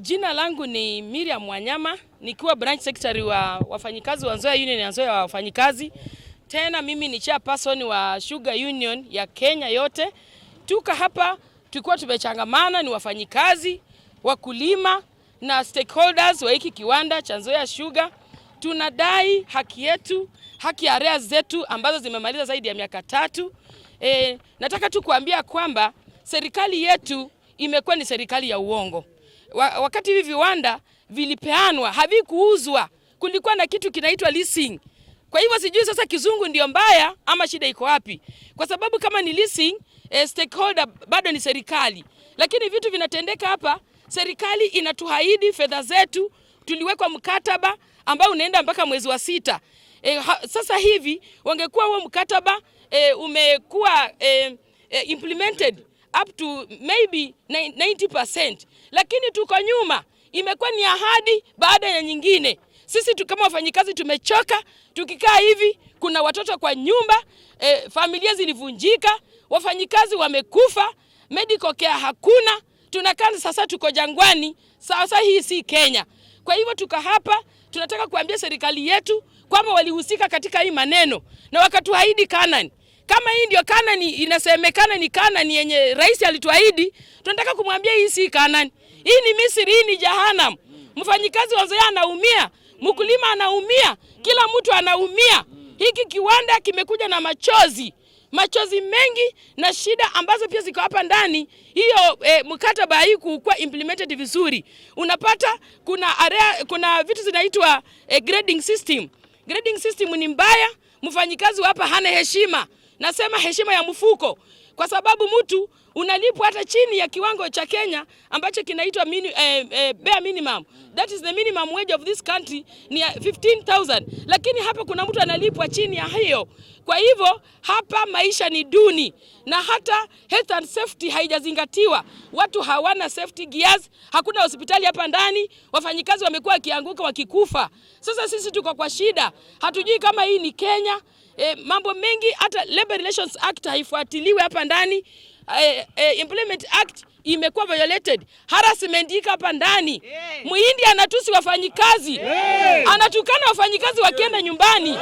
Jina langu ni Miriam Wanyama nikiwa branch secretary wa wafanyikazi wa Nzoia Union ya Nzoia wa wafanyikazi. Tena mimi ni chairperson wa Sugar Union ya Kenya yote. Tuka hapa tulikuwa tumechangamana, ni wafanyikazi, wakulima na stakeholders wa hiki kiwanda cha Nzoia Sugar. Tunadai haki yetu, haki ya arrears zetu ambazo zimemaliza zaidi ya miaka tatu. E, nataka tu kuambia kwamba serikali yetu imekuwa ni serikali ya uongo wakati hivi viwanda vilipeanwa havikuuzwa, kulikuwa na kitu kinaitwa leasing. Kwa hivyo sijui sasa kizungu ndio mbaya ama shida iko wapi, kwa sababu kama ni leasing eh, stakeholder bado ni serikali, lakini vitu vinatendeka hapa. Serikali inatuhaidi fedha zetu, tuliwekwa mkataba ambao unaenda mpaka mwezi wa sita. E, ha, sasa hivi wangekuwa huo mkataba e, umekuwa e, implemented up to maybe 90% lakini tuko nyuma. Imekuwa ni ahadi baada ya nyingine. Sisi kama wafanyikazi tumechoka. Tukikaa hivi, kuna watoto kwa nyumba e, familia zilivunjika, wafanyikazi wamekufa, medical care hakuna. Tunakaa sasa, tuko jangwani. Sasa hii si Kenya. Kwa hivyo tuko hapa, tunataka kuambia serikali yetu kwamba walihusika katika hii maneno na wakatuahidi Kanani. Kama hii ndio Kanani inasemekana ni Kanani yenye rais alituahidi, tunataka kumwambia hii si Kanani, hii ni Misri, hii ni Jahanamu. Mfanyikazi wa Zoya anaumia, mkulima anaumia, kila mtu anaumia. Hiki kiwanda kimekuja na machozi machozi mengi na shida ambazo pia ziko hapa ndani. Hiyo e, mkataba haikukuwa implemented vizuri. Unapata kuna area, kuna vitu zinaitwa e, grading system. Grading system ni mbaya, mfanyikazi hapa hana heshima. Nasema heshima ya mfuko, kwa sababu mtu unalipwa hata chini ya kiwango cha Kenya ambacho kinaitwa mini, eh, eh, bare minimum. That is the minimum wage of this country ni 15000, lakini hapa kuna mtu analipwa chini ya hiyo. Kwa hivyo hapa maisha ni duni na hata health and safety haijazingatiwa. Watu hawana safety gears, hakuna hospitali hapa ndani, wafanyikazi wamekuwa wakianguka wakikufa. Sasa sisi tuko kwa shida, hatujui kama hii ni Kenya E, mambo mengi hata Labor Relations Act haifuatiliwi hapa ndani. E, e, Employment Act imekuwa violated, harassment iko hapa ndani. Muhindi anatusi wafanyikazi, anatukana wafanyikazi wakienda nyumbani.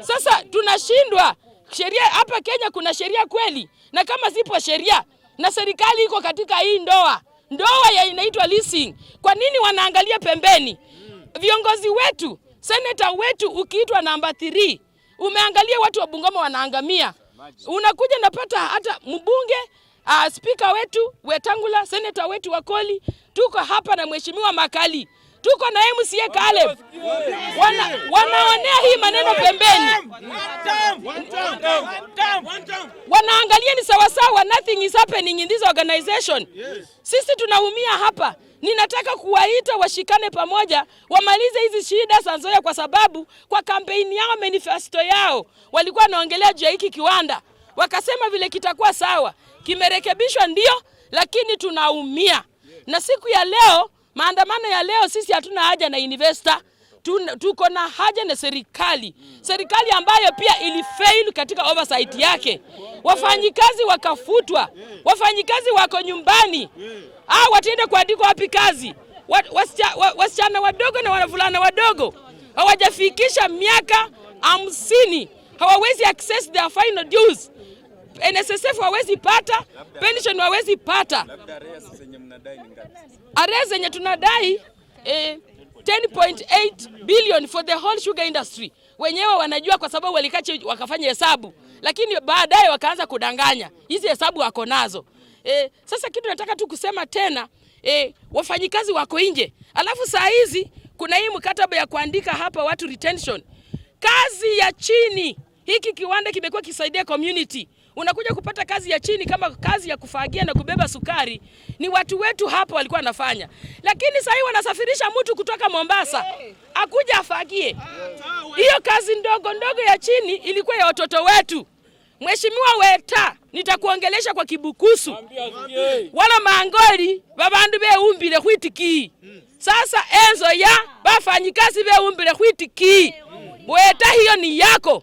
Sasa tunashindwa sheria hapa Kenya. Kuna sheria kweli? Na kama zipo sheria na serikali iko katika hii ndoa ndoa ya inaitwa leasing, kwa nini wanaangalia pembeni? Hmm. Viongozi wetu, seneta wetu ukiitwa namba 3 Umeangalia watu wa Bungoma wanaangamia, unakuja napata hata mbunge uh, ah, spika wetu Wetangula, seneta wetu Wakoli, tuko hapa na mheshimiwa Makali, tuko na MCA Kaleb, wana, wanaonea hii maneno pembeni, wanaangalia ni sawasawa, nothing is happening in this organization. Sisi tunaumia hapa. Ninataka kuwaita washikane pamoja, wamalize hizi shida za Nzoia, kwa sababu kwa kampeni yao, manifesto yao walikuwa wanaongelea juu ya hiki kiwanda, wakasema vile kitakuwa sawa, kimerekebishwa ndio, lakini tunaumia. Na siku ya leo, maandamano ya leo, sisi hatuna haja na investor tuko na haja na serikali, serikali ambayo pia ilifail katika oversight yake. Wafanyikazi wakafutwa, wafanyikazi wako nyumbani, ah, watende kuandikwa wapi kazi? Wasichana wadogo na wanavulana wadogo hawajafikisha miaka hamsini hawawezi access their final dues. NSSF hawezi pata pension, hawezi pata arrears zenye tunadai eh, 10.8 billion for the whole sugar industry. Wenyewe wanajua kwa sababu walikache wakafanya hesabu, lakini baadaye wakaanza kudanganya. Hizi hesabu wako nazo e. Sasa kitu nataka tu kusema tena e, wafanyikazi wako nje, alafu saa hizi kuna hii mkataba ya kuandika hapa watu retention, kazi ya chini. Hiki kiwanda kimekuwa kisaidia community unakuja kupata kazi ya chini kama kazi ya kufagia na kubeba sukari. Ni watu wetu hapo walikuwa wanafanya, lakini sasa wanasafirisha mtu kutoka Mombasa akuja afagie. Hiyo kazi ndogo ndogo ya chini ilikuwa ya watoto wetu. Mheshimiwa Weta, nitakuongelesha kwa Kibukusu wala maangoli babandu beumbile khwitikii sasa enzo ya bafanyikazi beumbile khwitikii Weta, hiyo ni yako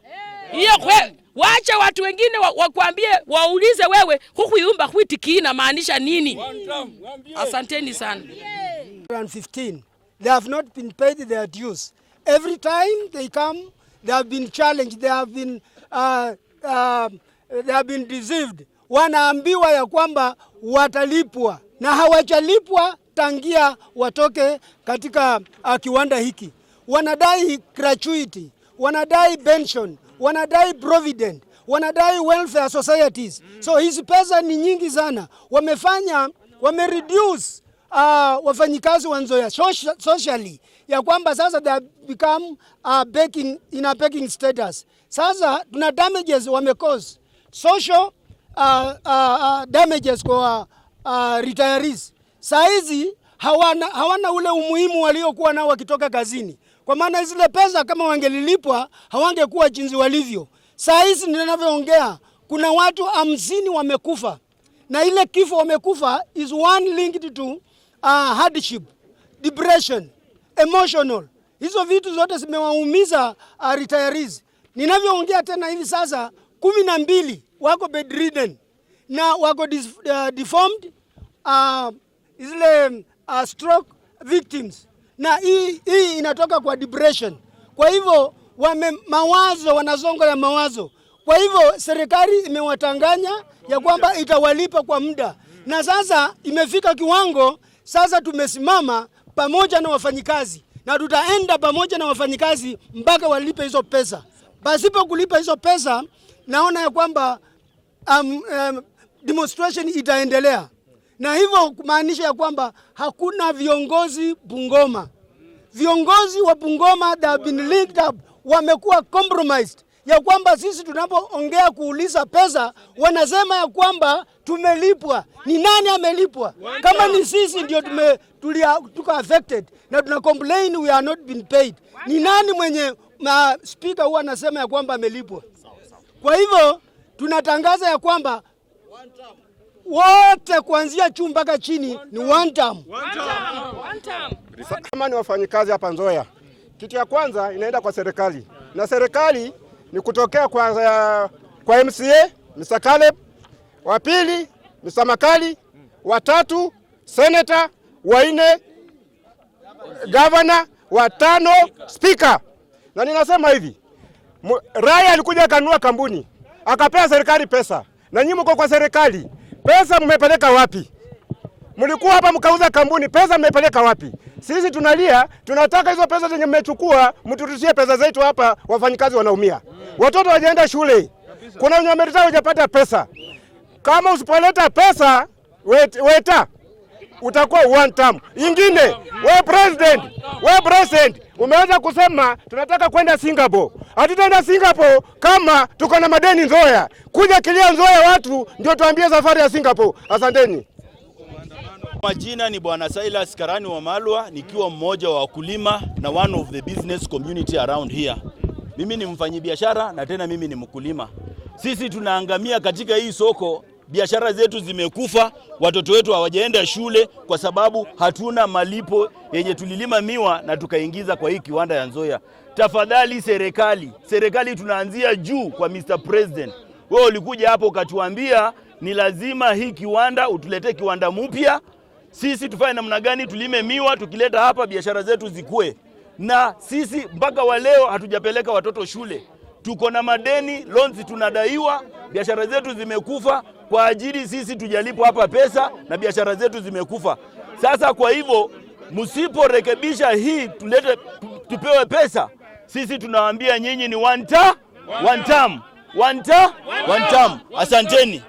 hiyo kwe Wacha watu wengine wakuambie wa waulize wewe, hukuiumba huitikii na maanisha nini? Asanteni sana. 15 they have not been paid their dues every time they come they have been challenged they have been uh, uh, they have been deceived. Wanaambiwa ya kwamba watalipwa na hawajalipwa tangia watoke katika uh, kiwanda hiki. Wanadai gratuity, wanadai pension wanadai provident, wanadai welfare societies. So hizi pesa ni nyingi sana, wamefanya wamereduce Uh, wafanyikazi wa Nzoia socially ya kwamba sasa they become uh, baking, in a baking status. Sasa tuna damages wame cause social uh, uh, uh damages kwa uh, retirees. Saa hizi hawana, hawana ule umuhimu waliokuwa nao wakitoka kazini. Kwa maana zile pesa kama wangelilipwa hawangekuwa jinsi walivyo. Saa hizi ninavyoongea kuna watu hamsini wamekufa na ile kifo wamekufa is one linked to uh, hardship, depression, emotional. Hizo vitu zote zimewaumiza uh, retirees. Ninavyoongea tena hivi sasa kumi na mbili wako bedridden na wako dis, uh, deformed uh, zile uh, stroke victims na hii, hii inatoka kwa depression. Kwa hivyo wame mawazo wanazongo na mawazo. Kwa hivyo serikali imewatanganya ya kwamba itawalipa kwa muda, na sasa imefika kiwango sasa tumesimama pamoja na wafanyikazi na tutaenda pamoja na wafanyikazi mpaka walipe hizo pesa. Pasipo kulipa hizo pesa, naona ya kwamba um, um, demonstration itaendelea na hivyo kumaanisha ya kwamba hakuna viongozi Bungoma. Viongozi wa Bungoma they have been linked up, wamekuwa compromised ya kwamba sisi tunapoongea kuuliza pesa wanasema ya kwamba tumelipwa. Ni nani amelipwa? Kama ni sisi ndio tume tulia, tuko affected na tuna complain we are not been paid. Ni nani mwenye ma speaker huwa anasema ya kwamba amelipwa? Kwa hivyo tunatangaza ya kwamba wote kuanzia juu mpaka chini ni one term. Kama ni wafanyikazi hapa Nzoia, kitu ya kwanza inaenda kwa serikali na serikali ni kutokea kwa, kwa MCA Mr. Caleb, wa pili Mr. Makali, watatu nne wanne wa watano spika. Na ninasema hivi, raia alikuja akanunua kampuni akapewa serikali pesa, na nyinyi mko kwa serikali Pesa mmepeleka wapi? Mlikuwa hapa mkauza kampuni, pesa mmepeleka wapi? Sisi tunalia, tunataka hizo pesa zenye mmechukua mturudishie pesa zetu. Hapa wafanyikazi wanaumia, watoto wajaenda shule, kuna wenye wameritaya wajapata pesa. Kama usipoleta pesa weta utakuwa one term. Ingine we president, we president umeanza kusema tunataka kwenda Singapore. Hatutaenda Singapore kama tuko na madeni Nzoya. Kuja kilia Nzoya watu ndio tuambie safari ya Singapore. Asanteni. Majina ni Bwana Silas Karani wa Malwa, nikiwa mmoja wa wakulima na one of the business community around here. Mimi ni mfanyibiashara na tena mimi ni mkulima. Sisi tunaangamia katika hii soko biashara zetu zimekufa, watoto wetu hawajaenda shule kwa sababu hatuna malipo yenye tulilima miwa na tukaingiza kwa hii kiwanda ya Nzoia. Tafadhali serikali, serikali tunaanzia juu kwa Mr. President. Wewe ulikuja hapo ukatuambia ni lazima hii kiwanda utuletee kiwanda mpya, sisi tufanye namna gani tulime miwa, tukileta hapa biashara zetu zikue, na sisi mpaka wa leo hatujapeleka watoto shule tuko na madeni, loans tunadaiwa, biashara zetu zimekufa kwa ajili sisi tujalipwa hapa pesa na biashara zetu zimekufa. Sasa kwa hivyo, msiporekebisha hii, tulete tupewe pesa, sisi tunawaambia nyinyi ni one term, one term, one term, one term. Asanteni.